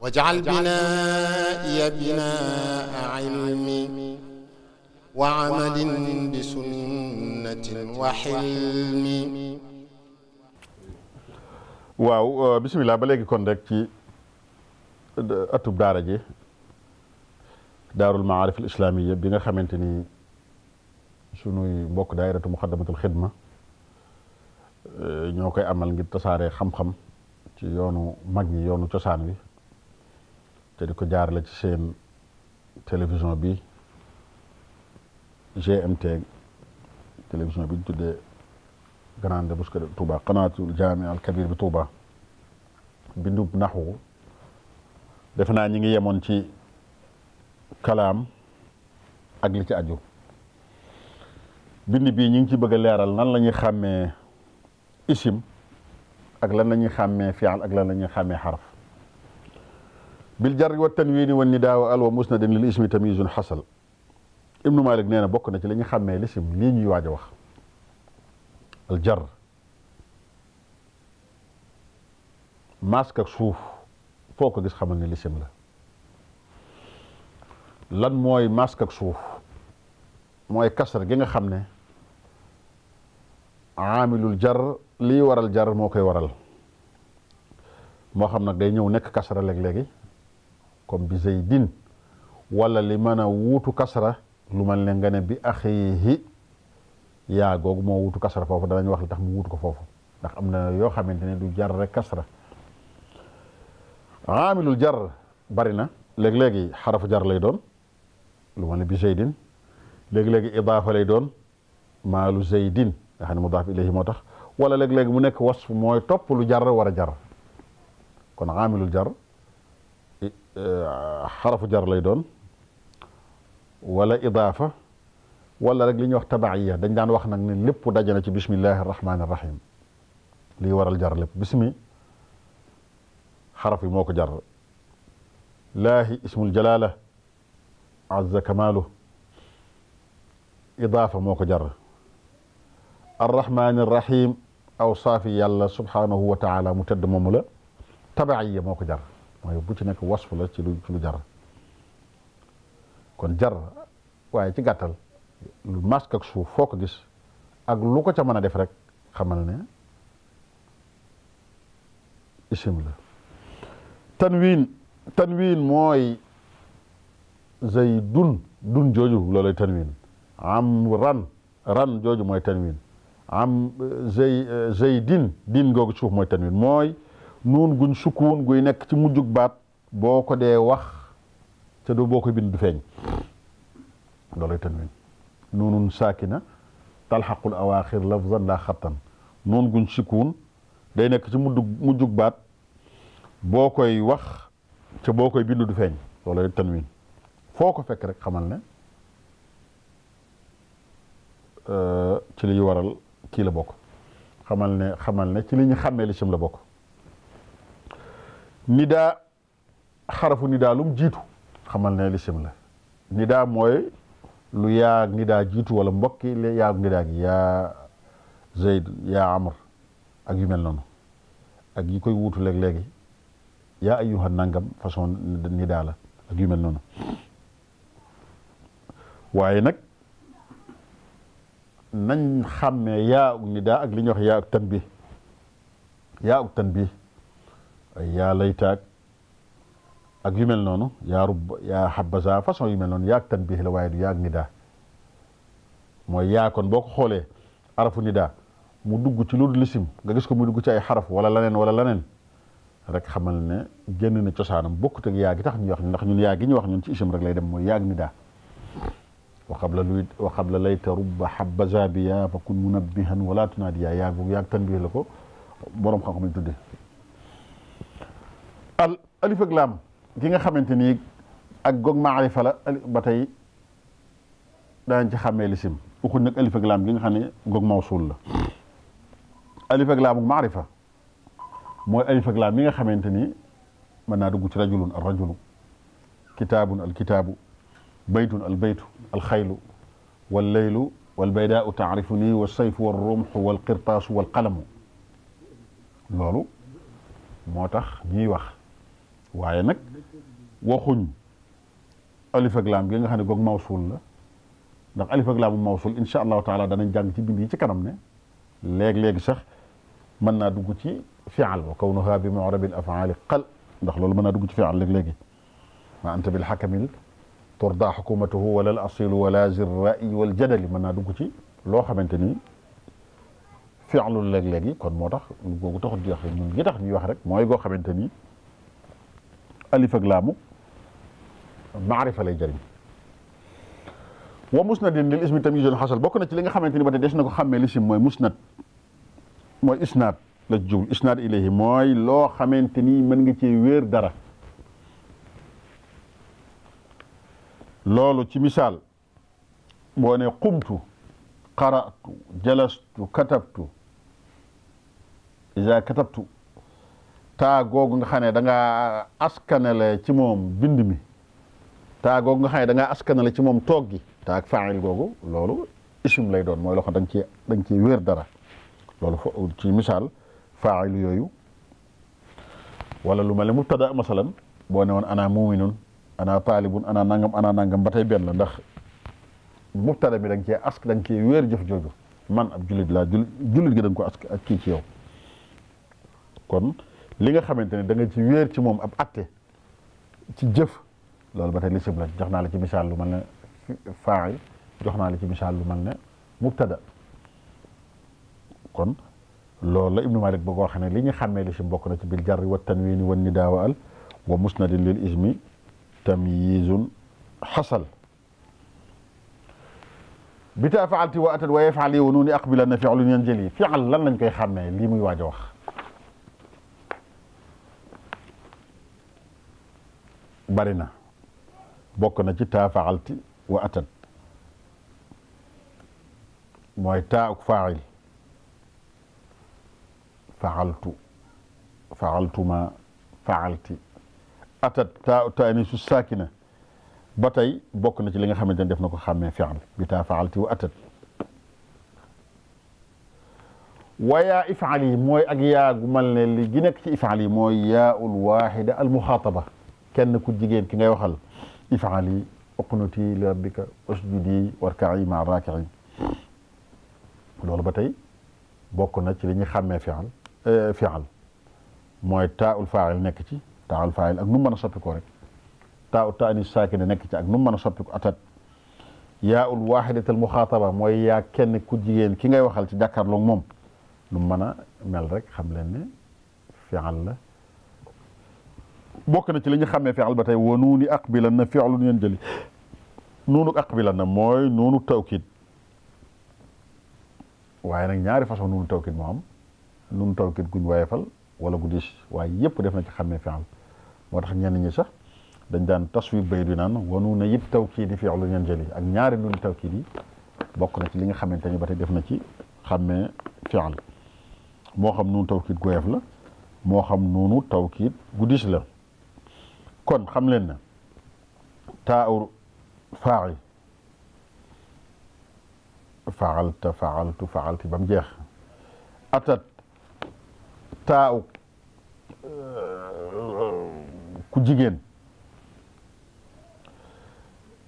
واجعل بنائي بناء علم وعمل بسنة وحلم waaw euh, bisimilah ba léegi kon rek ci atub euh, daara ji daarul maarif al islaamiya bi nga xamante ni sunuy mbokk daairatu muxaddamatul xidma euh, ñoo koy amal ngir tasaare xam-xam ci yoonu mag yoonu cosaan wi te di ko jaarale ci seen télévision bi GMT télévision bi ñu tuddee grande mosquée de Touba qanaatul jaami al kabir bi Touba bindub naxwu def naa ñi ngi yemoon ci kalaam ak li ci aju bind bii ñi ngi ci bëgg a leeral lan la ñuy xàmmee isim ak lan la ñuy xàmmee fi'al ak lan la ñuy xàmmee xaraf bil jarri wa tanwiini wa nidaa wa alwa musnadin lil ismi tamyiizun xasal ibnu malik nee na bokk na ci li ñu xàmmee lisim lii ñuy waaj a wax al jar suuf foo ko gis xamal ni lisim la lan mooy mask suuf mooy kasar gi nga xam ne aamilul jar lii waral jar moo koy waral moo xam nag day ñëw nekk kasara léeg-léegi comme bi zaydin wala li mën a wuutu kasra lu mel ne nga ne bi axiihi yaa googu moo wutu kasra foofu danañ wax li tax mu wuutu ko foofu ndax am na yoo xamante ne du jar rek kasra aamilul jar bari na léeg-léegi xarafu jar lay doon lu mel ne bi zaydin léegi-léegi idaafa lay doon maalu zaydin nga xam ne mudaaf ilayhi moo tax wala léeg-léegi mu nekk wasf mooy topp lu jar war a jar kon aamilul jar Euh, xarafu jar lay doon wala idaafa wala rek li ñuy wax tabaaya dañ daan wax nag ne lépp dajana ci bismillahi rahmaani rahim lii waral jar lépp bismi xaraf yi moo ko jar laahi ismul jalaala azza kamaalu idaafa moo ko jar arrahmaani rahim aw saafi yàlla subhaanahu wa taala mu tedd moomu la tabaaya moo ko jar mooy bu ci nekk wasf la ci lu ci lu jar kon jar waaye ci gàttal lu mask suuf foo ko gis ak lu ko ca mën a def rek xamal ne isim la tanwiin tanwiin mooy zaydun dun jooju loolay tanwiin am ran ran jooju mooy tanwiin am zay zaydin din googu suuf mooy tanwiin mooy nuun guñ sukkuun guy nekk ci mujjug baat boo ko dee wax te du boo ko bind du feeñ loolay tanwin nuunun saakina talxaqul awaaxir lafzan daa xattan nuun guñ sukkuun day nekk ci mujjug mujjug baat boo koy wax te boo koy bind du feeñ loolay tanwin foo ko fekk rek xamal ne euh, ci lu ñu waral kii la bokk xamal ne xamal ne ci li ñu xàmmee lisim la bokk nidaa xarafu nidaa lum jiitu xamal ne lisim la nidaa mooy lu yaag nidaa jiitu wala mbokki li yaag nidaa gi yaa Zayd yaa Amr ak yu mel noonu ak yi koy wuutu léeg-léegi yaa ayyuha nangam façon nidaa la ak yu noonu waaye nag nañ xàmmee yaa nidaa ak li ñuy wax yaa ak tanbih yaa ak tanbih ay yaa laytaag ak yu mel noonu yaa rub yaa xabaza façon yu mel noonu yaag tanbiih la waaye du yaag nidaa mooy yaa kon boo ko xoolee arafu nidaa mu dugg ci loolu dul isim nga gis ko mu dugg ci ay xaraf wala laneen wala laneen rek xamal ne génn na cosaanam bokkut ak yaa gi tax ñu wax ndax ñun yaa gi ñu wax ñun ci isim rek lay dem mooy yaag nidaa wa qabla luy wa qabla layta rubba xabaza bi yaa fa kun munabbihan wala tunaadi yaa yaag boobu yaag tanbiih la ko boroom xam-xam lañ al alif ak laam gi nga xamante ni ak goog maarifa la ba tey daañ ci xàmmee lisim uxuñ nag laam gi nga xam ne goog mawsul la alif ak laam mooy alif ak laam mi nga xamante ni mën naa dugg ci rajulun al rajulu kitaabun al kitaabu baytun al baytu al xaylu wal laylu wal baydaau taarifu nii wa sayfu wal rumxu wal qirtaasu wal qalamu loolu moo tax ñuy wax waaye nag waxuñ alif ak laam gi nga xam ne goog mawsul la ndax alif ak laamu mawsul insha allahu taala danañ jàng ci bind yi ci kanam ne léeg-léeg sax mën naa dugg ci fial wa kawnuha bi mu'rabil afaali qal ndax loolu mën naa dugg ci fial léeg-léegi ma anta bil xakamil turda xukumatuhu wala al asilu wala zirra'i wal mën naa dugg ci loo xamante ni fialul léeg-léegi kon moo tax googu taxut di wax ñun gi tax ñuy wax rek mooy goo xamante ni alif ak laamu maarifa lay jëriñ wa musnadin lil ismi tamyiizun xasal bokk na ci li nga xamante ni ba tey des na ko xàmmee lisim mooy musnad mooy isnaad la jublu isnaad ilayhi mooy loo xamante ni mën nga ce wéer dara loolu ci misaal boo ne qumtu jalastu katabtu iza katabtu taa googu nga xam ne da ngaa ci moom bind mi taa googu nga xam ne da ngaa ci moom toog gi taa ak faayil googu loolu ism lay doon mooy loo xam da ci da nga ciy dara loolu ci misaal faayil yooyu wala lu mel ne mubtada masalan boo ne woon ana muminun ana taalibun ana nangam ana nangam ba tey benn la ndax mubtada bi da cee ask da nga wéer jëf jooju man ab jullit laa jullit gi da ko ask ak kii ci yow kon li nga xamante ne da ci wéer ci moom ab atte ci jëf loolu ba tey li sib la jox naa la ci misaal lu mel ne faa'il jox naa la ci misaal lu mal ne mubtada kon loolu la ibnu malik ba koo xam ne li ñu xàmmee li si bokk na ci bil jarri wa tanwini wa nidaa wa al wa musnadin lil ismi tamyizun xasal bi taa faalti wa atat wa yafaali wa nuuni aqbilan na fi'lun yanjali fi'al lan lañ koy xàmmee li muy waaj a wax bari na bokk na ci taa faalti wa atat mooy taa ak fail faaltu faaltuma faalti atat taa taani su saakina ba tey bokk na ci li nga xamante ne def na ko xàmmee fial bi taa faalti wa atat wayaa ifaal yi mooy ak yaa gu mel ne li gi nekk ci ifaal yi mooy yaa ul waaxida al muxaataba kenn ku jigéen ki ngay waxal ifaali uqnuti li rabbika usjudi warka'i ma raaki'in loolu ba tey bokk na ci li ñuy xàmmee fi'al euh, fi'al mooy taa'ul faa'il nekk ci taa'ul faa'il ak nu mu mën a soppi ko rek taa'u ta'anis saakina nekk ci ak nu mu mën a soppi ko atat yaa'ul waahidatal muxaataba mooy yaa kenn ku jigéen ki ngay waxal ci jàkkaarloog moom nu mu mën a mel rek xam leen ne fi'al la bokk na ci li ñu xamee fi'il ba tey wa nuuni aqbilan na fi'lun yanjali nuunu aqbilan na mooy nuunu tawkid waaye nag ñaari façon nuunu tawkid moo am nuunu tawkid guñ wayefal wala gu waaye yëpp def na ci xamee fi'il moo tax ñenn ñi sax dañ daan taswib bay bi naan wa nuuna it tawkid yi fi'lun yanjali ak ñaari nuunu tawkid yi bokk na ci li nga xamante ni ba def na ci xamee fi'il moo xam nuunu tawkid gu woyof la moo xam nuunu tawkid gu dis la kon xam leen na taaw faali faalta faaltu faalti ba mu jeex atat taaw euh, ku jigéen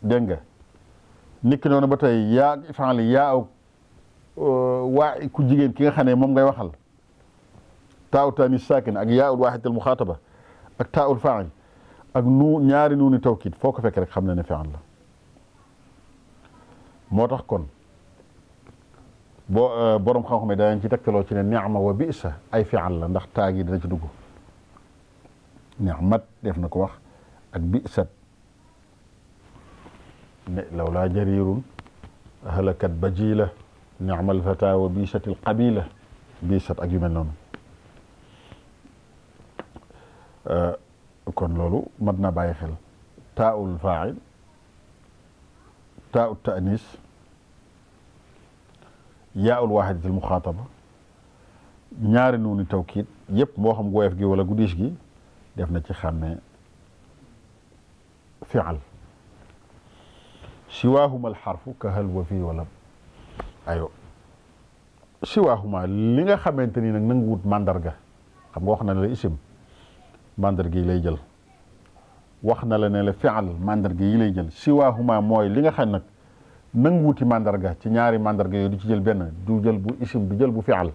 dégg nga niki noonu ba tey yaa faali yaa aw euh, waa ku jigéen ki nga xam ne moom ngay waxal taaw taani saakin ak yaa ul waaxital muxaataba ak taaw faali ak nu ñaari nuuni tawkiid foo ko fekk rek xam na ne fi'il la moo tax kon boo euh, borom xam-xam yi danañ ci tegtaloo ci ne ni'ma wa bi'sa ay fi'il la ndax taag yi dina ci dugg ni'mat def na ko wax ak bi'sat ne lawlaa jariirun halakat bajiila ni'mal fataa wa bi'satil qabiila bi'sat ak yu mel noonu euh, kon loolu mat na bàyyi xel taaul fail taaul tanis yaaul waaxidatil muxaataba ñaari nuuni tawkiit yëpp moo xam woyof gi wala diis gi def na ci xàmmee fial siwaahuma alxarfu ka hal wa fii wala ayo siwaahuma li nga xamante ni nag nanguwut màndarga xam nga wax na la isim mandarga yi lay jël wax na la ne la fi'al mandarga yi lay jël siwaahuma mooy li nga xam nag nang wuti mandarga ci ñaari mandarga yooyu du ci jël benn du jël bu isim du jël bu fi'al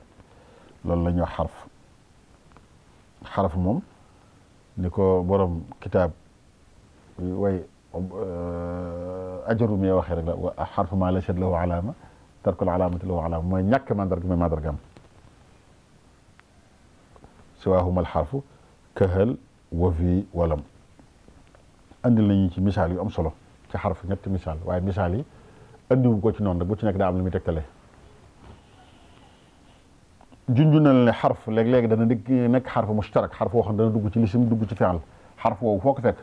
loolu la ñuy wax xaraf xaraf moom ni ko borom kitaab way euh, ajarum ya waxee rek la wa xarfu ma laysat lahu alaama tarkul alaamati lahu alaama mooy ñàkk mandarga mooy mandargaam siwaahuma alxarfu kahal wafi walam andi lañu ci misaal yu am solo ci xaraf ñetti misaal waaye misaal yi andiwu ko ci noonu rek bu ci nekk daa am lu muy tegtale junju na ne xarf lekk léeg dana dikk nekk xarf mushtarak xarf woo xam dana dugg ci lisim dugg ci fi'al xarf woowu foo ko fekk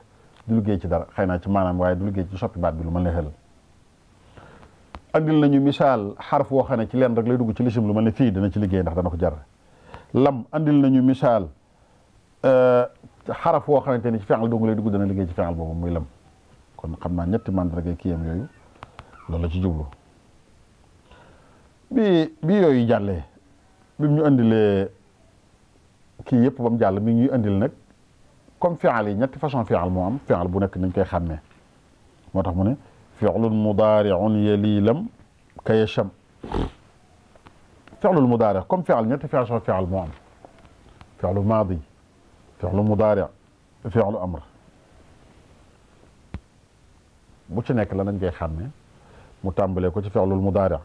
du liggéey ci dara xëy naa ci maanaam waaye du liggéey ci soppi baat bi lu ma la xelal andil nañu misaal xarf woo xam ne ci leen rek lay dugg ci lisim lu mel ne fii dana ci liggéey ndax dana ko jar lam andil nañu misaal Euh, xaraf woo xamante ni ci fexal dong lay dugg dana liggéey ci fexal boobu muy lam kon xam naa ñetti mandarga kiyam yooyu loolu la ci jublu bi bi yooyu jàllee bi ñu indilee kii yëpp ba jàll mi ñuy indil nag comme fexal yi ñetti façon fexal moo am fexal bu nekk nañ koy xàmmee moo tax mu ne fexlun mudaariun yelii lam kaya cham fexlul mudaari comme fexal ñetti façon fexal moo am fexlu maadi fi'lu mudaari fi'lu amr bu ci nekk la nañ koy xàmme mu tàmbalee ko ci fi'lul mudaari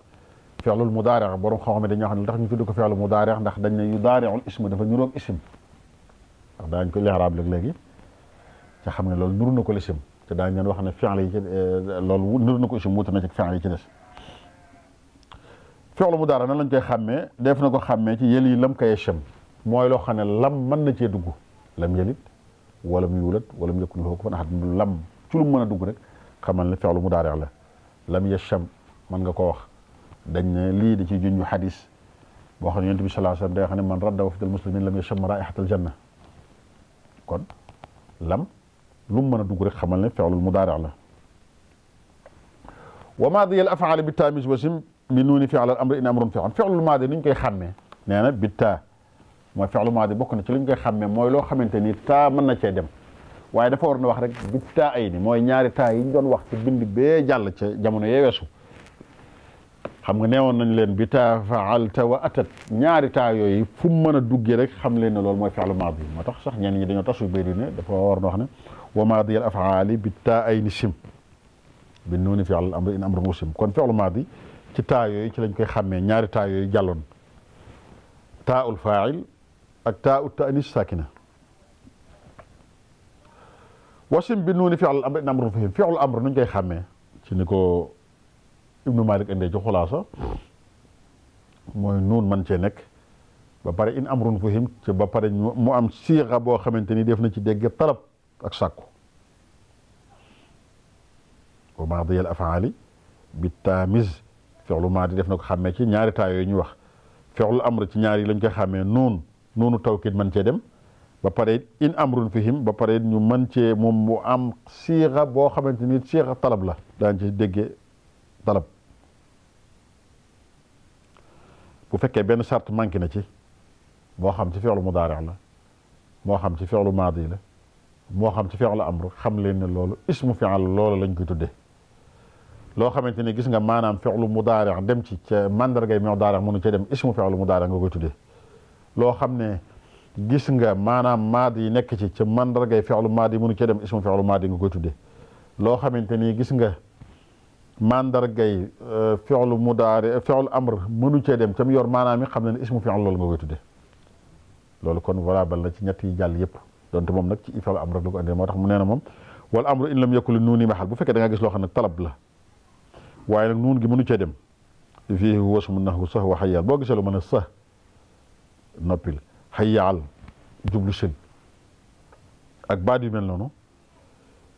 fi'lul mudaari borom xam-xam dañoo xam ne tax ñu tudd ko fi'lu mudaari ndax dañ ne yudaari'ul ism dafa ñuróog ism ndax daañ ko li'raab léeg-léegi ca xam ne loolu nuru na ko ism te daañ leen wax ne fi'l yi ci eh, loolu nuru na ko ism wuute na ci yi ci des fi'lu mudaari nan lañ koy xàmmee def na ko xàmmee ci yël yi lam koy ism mooy loo xam ne lam man na cee dugg lam yalid walam yuulat walam yakun lahu kufuwan ahad lam ci lu mën a dugg rek xamal ne fi'lu mudaari' la lam yasham mën nga ko wax dañ ne lii da ciy junj xadis boo xam ne yonent bi sallallahu alayhi wasallam day xam ne man radda wafdal muslimin lam yasham raihatal janna kon lam lu mën a dugg rek xamal ne fi'lu mudaari' la wa maadi al af'aal bi taamis wasim bi nuuni fi'l al amri in amrun fi'l fi'lu maadi ni ñu koy xàmmee nee na bi taa mooy fi'lu maadi bokk na ci li ñu koy xàmmee mooy loo xamante ni taa man na cee dem waaye dafa war na wax rek bi taa ay ni mooy ñaari taa yi ñu doon wax ci bind bee jàll ca jamono yee xam nga neewoon nañ leen bi taa faalta wa atat ñaari taa yooyu fu mu mën a duggee rek xam leen ne loolu mooy fi'lu maadi moo tax sax ñenn ñi dañoo tasu béy ne dafa war na wax ne wa maadi al afaali bi taa ay ni sim bi nuuni fi'l amri in amru musim kon fi'lu maadi ci taa yooyu ci lañ koy xàmmee ñaari taa yooyu jàlloon taa ul faa'il ak taa ut ta'anis saakina wasim bi nuuni fi'lul amr in amrun fihim fi'lul amr nuñ koy xàmmee ci ni ko ibnu malik indee ci xulaasa mooy nuun man cee nekk ba pare in amrun fihim ci ba pare mu am siixa boo xamante ni def na ci dégg talab ak sàkku wa maadiyal afaali bi taamis fi'lu maadi def na ko xàmmee ci ñaari taa yooyu ñu wax fi'lul amr ci ñaari lañ koy xàmmee nuun noonu tawkit man cee dem ba pare it in amrun fihim ba pare it ñu man cee moom mu am siixa boo xamante ni siixa talab la daañ ci déggee talab bu fekkee benn charte manqué na ci boo xam ci fi'lu mudaari' la moo xam ci fi'lu maadi la moo xam ci fi'lu amr xam leen ne loolu ismu fi'al loolu lañ koy tuddee loo xamante ni gis nga maanaam fi'lu mudaari' dem ci ca mandargay mudaari' mënu cee dem ismu mu mudaari' nga koy tuddee loo xam ne gis nga maanaam maad yi nekk ci ca mandargay fexlu maad yi mënu cee dem ismu fexlu maad yi nga koy tuddee loo xamante ni gis nga mandargay euh, fexlu mudaari fexlu amr mënu cee dem ca mu yor maanaam yi xam ne ne ismu fexlu loolu nga koy tuddee loolu kon valable na ci ñett yi jàll yëpp donte moom nag ci fexlu amr rek la ko andee mu nee na moom wal amru in lam yakul nuuni maxal bu fekkee da nga gis loo xam ne talab la waaye nag nuun gi mënu cee dem fii huwa ismu nahwu sax wa xayaal boo gisee lu mën a sax noppil xayyaal jublu sil ak baat yu mel noonu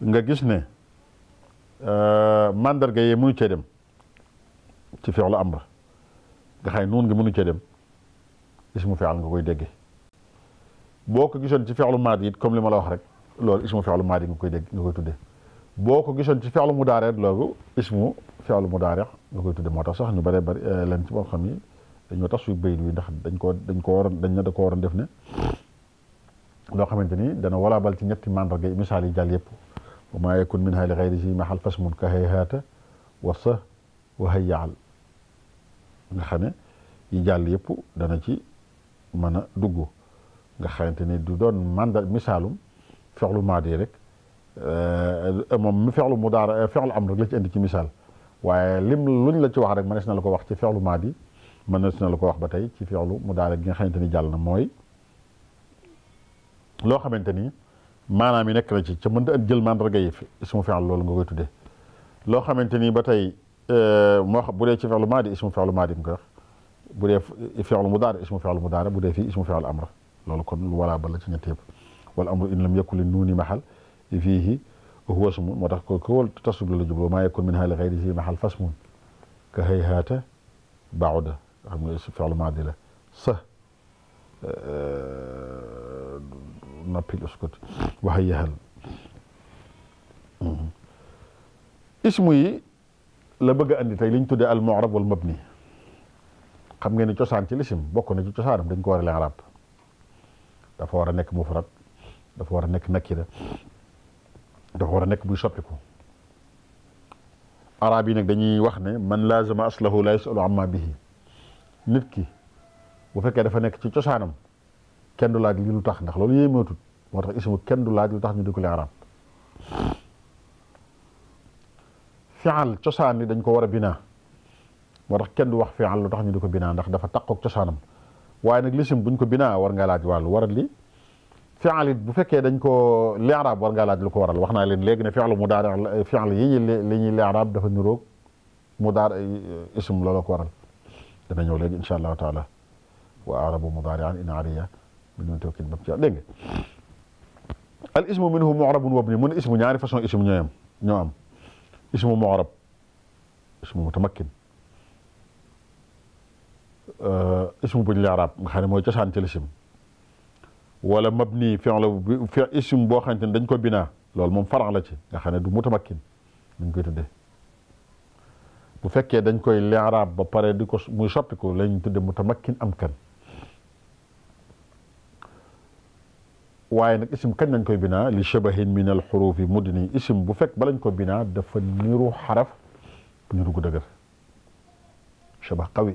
nga gis ne euh, mandarga yee mënu cee dem ci fi'lu amr nga xay nuun nga mënu cee dem ismu fi'al nga koy dégge boo ko gisoon ci fi'lu maadi it comme li ma la wax rek loolu ismu fi'lu maadi nga koy dégg nga koy tudde boo ko gisoon ci fi'lu mudaare loolu ismu fi'lu mudaare nga koy tudde moo tax sax ñu bare bari euh, leen ci boo xam yi dañoo tax suy bayit wi dañ ko dañ ko waroon dañ ne da ko waroon def ne xamante ni dana walaabal ci ñetti mandarga misaal yi jàll yëpp wa maa yakun minha li xayri si mahal fasmun ka hayhaata wa sa wa hayyaal nga xam ne yi jàll yépp dana ci mën a dugg nga xamante ni du doon mandar misaalum fexlu maadi rek euh, moom mi fexlu mu daara fexlu am rek la ci indi ci misaal waaye lim luñ la ci wax rek mënees na la ko wax ci fexlu maadi mënees na si na la ko wax ba tey ci fi'lu mudaari gi nga xamante ni jàll na mooy loo xamante ni maanaam yi nekk na ci ca mënta jël mandarga yi ismu fi'l tuddee loo xamante ni ba tey euh, moo xam bu dee ci fi'lu maadi ismu fi'lu maadi nga wax bu dee fi'lu mudaari ismu fi'lu bu dee fii ismu fi'lu amr loolu kon lu walaa ba la ci ñett yëpp wal amru in lam yakun li nuuni mahal fiihi huwa ismun moo tax ko ko wal la jubloo maa yakun min haali xam nga fi'lu maadi la sa eh, eh, noppil uskut waxa yaxal mm-hmm. ismu yi la bëgg a andi tey li ñu tuddee al mu'rab wal mabni xam ngeen ni cosaan ci lisim bokk na ci cosaanam dañ ko war a leen arab dafa war a nekk mufrad dafa war a nekk nakira dafa war a nekk buy soppiku arab yi nag dañuy wax ne man laazama aslahu la yasalu amma bihi nit ki bu fekkee dafa nekk ci cosaanam kenn du laaj li lu tax ndax loolu yéemeetut moo tax ismu kenn du laaj lu tax ñu du ko leen arab fi'al cosaan li dañ ko war a binaa moo tax kenn du wax fi'al lu tax ñu di ko binaa ndax dafa taqoog cosaanam waaye nag lisim buñ ko binaa war ngaa laaj wàllu waral li fi'al bu fekkee dañ ko li arab war lu ko waral wax naa leen léegi ne fi'al mudaari fi'al yi li ñuy li arab dafa niroog mudaari ism looloo ko waral dana ñëw léegi allah allahu taala wa a mudaari an in ariya min nun tawkil bam ci dégg nga al ismu minhu mu'rabun wa ibni mu ismu ñaari façon ismu ñoo ñoo am ismu mu'rab ismu mutamakkin euh, ismu buñ laaraab nga xam mooy cosaan ci lisim wala mabni fi'l fi ism boo xamante ne dañ ko binaa loolu moom faran la ci nga xam ne du mutamakkin dañ koy tuddee bu fekkee dañ koy li'raab ba pare di ko muy soppiku la ñu tudde mutamakkin amkan waaye nag isim kañ lañ koy binaa li shabahin min al mudni isim bu fekk balañ ko binaa dafa niru xaraf niru gu dëgër shabah qawi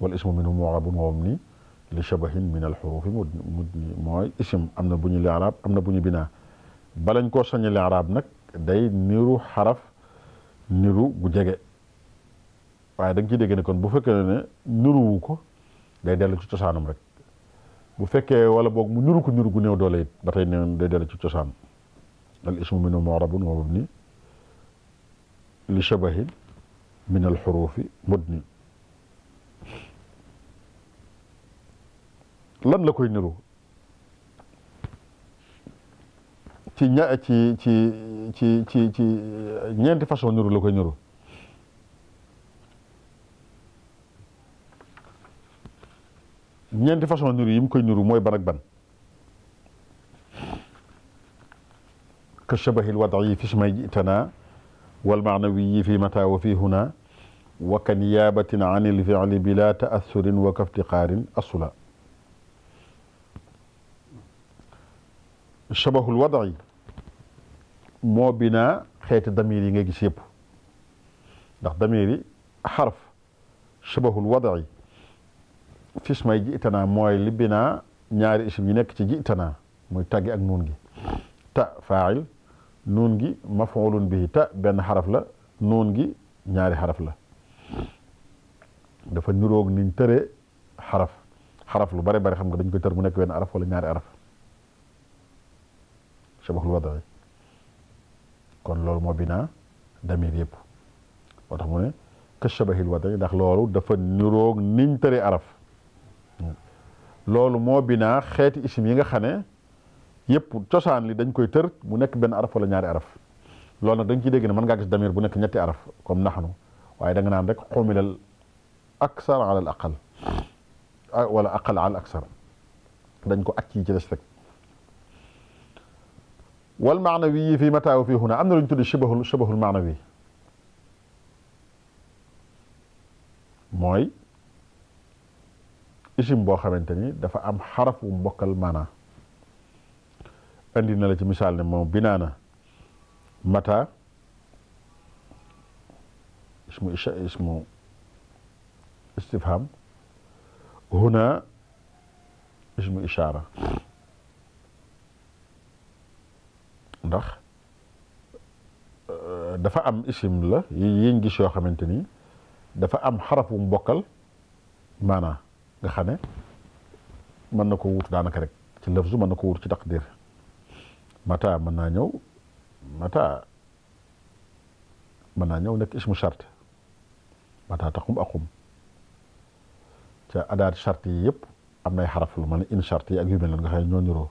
wal ismu minhu mu'rabun wa mabni li shabahin min al mudni mooy isim am na bu ñu am na bu ñu binaa balañ koo sañ li'raab nag day niru xaraf niru gu jege waaye da nga ciy dégg ne kon bu fekkee ne nuruwu ko day dellu ci cosaanam rek bu fekkee wala boog mu nuru ko nuru gu néew doole it ba tey day dellu ci cosaan al ismu minhu mu'rabun wa mabni li shabahin min al xurufi mudni lan la koy niru ci ña ci ci ci ci ci ñeenti façon niru la koy niru ñeenti façon nuru yi mu koy nuru mooy ban ak ban ka shabahil wadayi fi sumay jitanaa wal maanawi yi fi mata wa fi huna wa ka niyaabatin an il fiili bila taassurin wa kaftiqaarin asula shabahul wadayi moo binaa xeeti damir yi nga gis yëpp ndax damir yi xaraf shabahul wadayi fismay ji itanaa mooy li binaa ñaari isim yi nekk ci ji itanaa muy taggi ak nuun gi ta fail nuun gi mafoolun bihi ta benn xaraf la nuun gi ñaari xaraf la dafa niroog niñ tëree xaraf xaraf lu bare bare xam nga dañ koy tër mu nekk benn araf ñaari araf shabaxul wadai loolu moo binaa damir yëpp tax mu ne ndax loolu dafa niroog niñ tëree araf loolu moo binaa xeeti isim yi nga xam ne yëpp cosaan li dañ koy tër mu nekk benn araf wala ñaari araf loolu nag da nga ciy dégg ne mën ngaa gis damir bu nekk ñetti araf comme naxnu waaye danga naan rek xumilal aksar ala al aqal wala aqal ala aksar dañ ko ak yi ci des rek wal maanawi yi fii mataaw fii huna am na lu ñu tuddi shibahul shibahul maanawi mooy isim boo xamante ni dafa am xaraf wu mbokkal maana indi na la ci misaal ne moom binaana mata ismu isha ismu istifham huna ismu ishaara ndax euh, dafa am isim la yi yiñ gis yoo xamante ni dafa am xaraf wu mbokkal maanaa nga xam na ko wuutu daanaka rek ci lafzu mën na ko wuutu ci taqdir mata mën naa ñëw mata mën naa ñëw nekk ismu charte mata taqum aqum ca adaat charte yi yëpp am nay xaraf lu in charte yi ak yu mel noonu nga xam ne ñoo niroo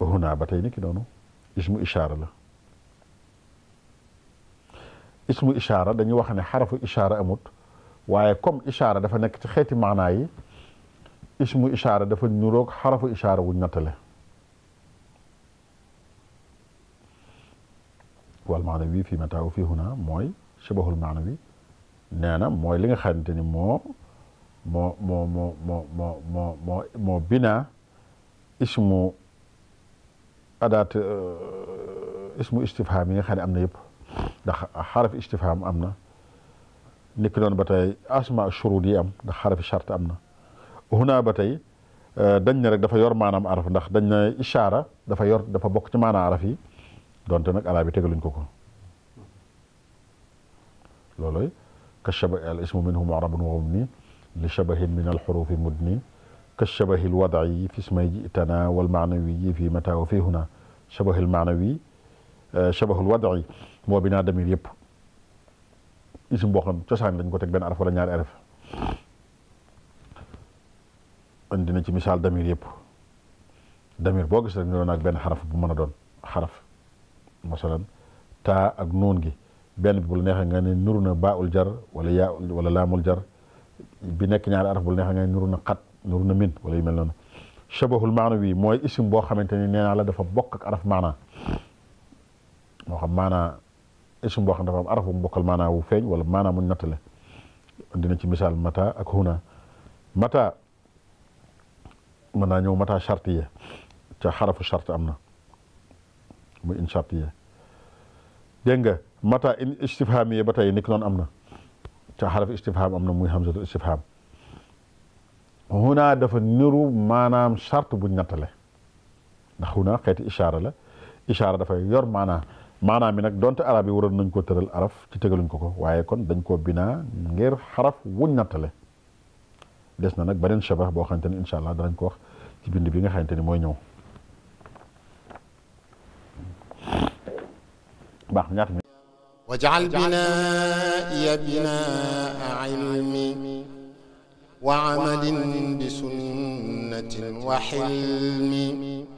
huna ba tey ni ki noonu ismu ishaara ismu ishaara dañuy wax ne ishaara amut waaye comme ishaara dafa nekk ci xeeti maanaa yi ismu ishaara dafa nuroog xarafu ishaara wuñ nattale wal maanawi fii ma u fii huna mooy shibahul maanawi nee na mooy li nga xamante ni moo moo moo moo moo moo moo moo moo binaa ismu adaat ismu istifhaam yi nga xam am na yëpp ndax xaraf istifhaam am na ni ki noonu ba tey asma shurut yi am ndax xarafi charte am na huna ba tey euh, dañ ne rek dafa yor maanaam araf ndax dañ ne ishaara dafa yor dafa bokk ci maanaam araf yi donte nag alaa bi tegaluñ ko ko looloy ka shabahi al ismu minhu mu'rabun wa mubni li shabahin min al xurufi mudni ka shabahi al wad'i fi ismay ji'tana wal ma'nawi fi mata wa fi huna shabahi al ma'nawi euh, shabahu al wad'i moo binaa damir yëpp ism boo xam cosaan dañ ko teg benn araf wala ñaari araf indi na ci misaal damir yëpp damir boo gis rek niroo naag benn xaraf bu mën a doon xaraf masalan taa ak nuun gi benn bi bu la neexee na baaul jar wala yaa wala laamul jar bi nekk ñaari araf bu la nuru na xat nuru na min wala yu mel noonu shabahul maana wi mooy isim boo xamante ni nee naa la dafa bokk ak araf maana moo xam maana ism boo xam dafa am araf bu mu bokkal maanaa wu feeñ wala maanaa mu nattale dina ci misaal mata ak huna mata mën naa ñëw mata chartiye ca xarafu charte am na muy in chartiye dégg nga mata in istifhamiye ba tey nikk ki am na ca xarafu istifham am na muy hamzatul istifham huna dafa niru maanaam charte buñ nattale ndax huna xeeti ishaara la ishaara dafay yor maanaa maanaam bi nag donte arab yi waroon nañ ko tëral araf te tëgaluñ ko ko waaye kon dañ koo binaa ngir xaraf wuñ nattale des na nag beneen shabah boo xamante ne incha allah danañ ko wax ci bind bi nga xamante ni mooy ñëw baax ñaata mi waj'al binaa'iya binaa'a ilmi wa amalin bi sunnatin wa hilmi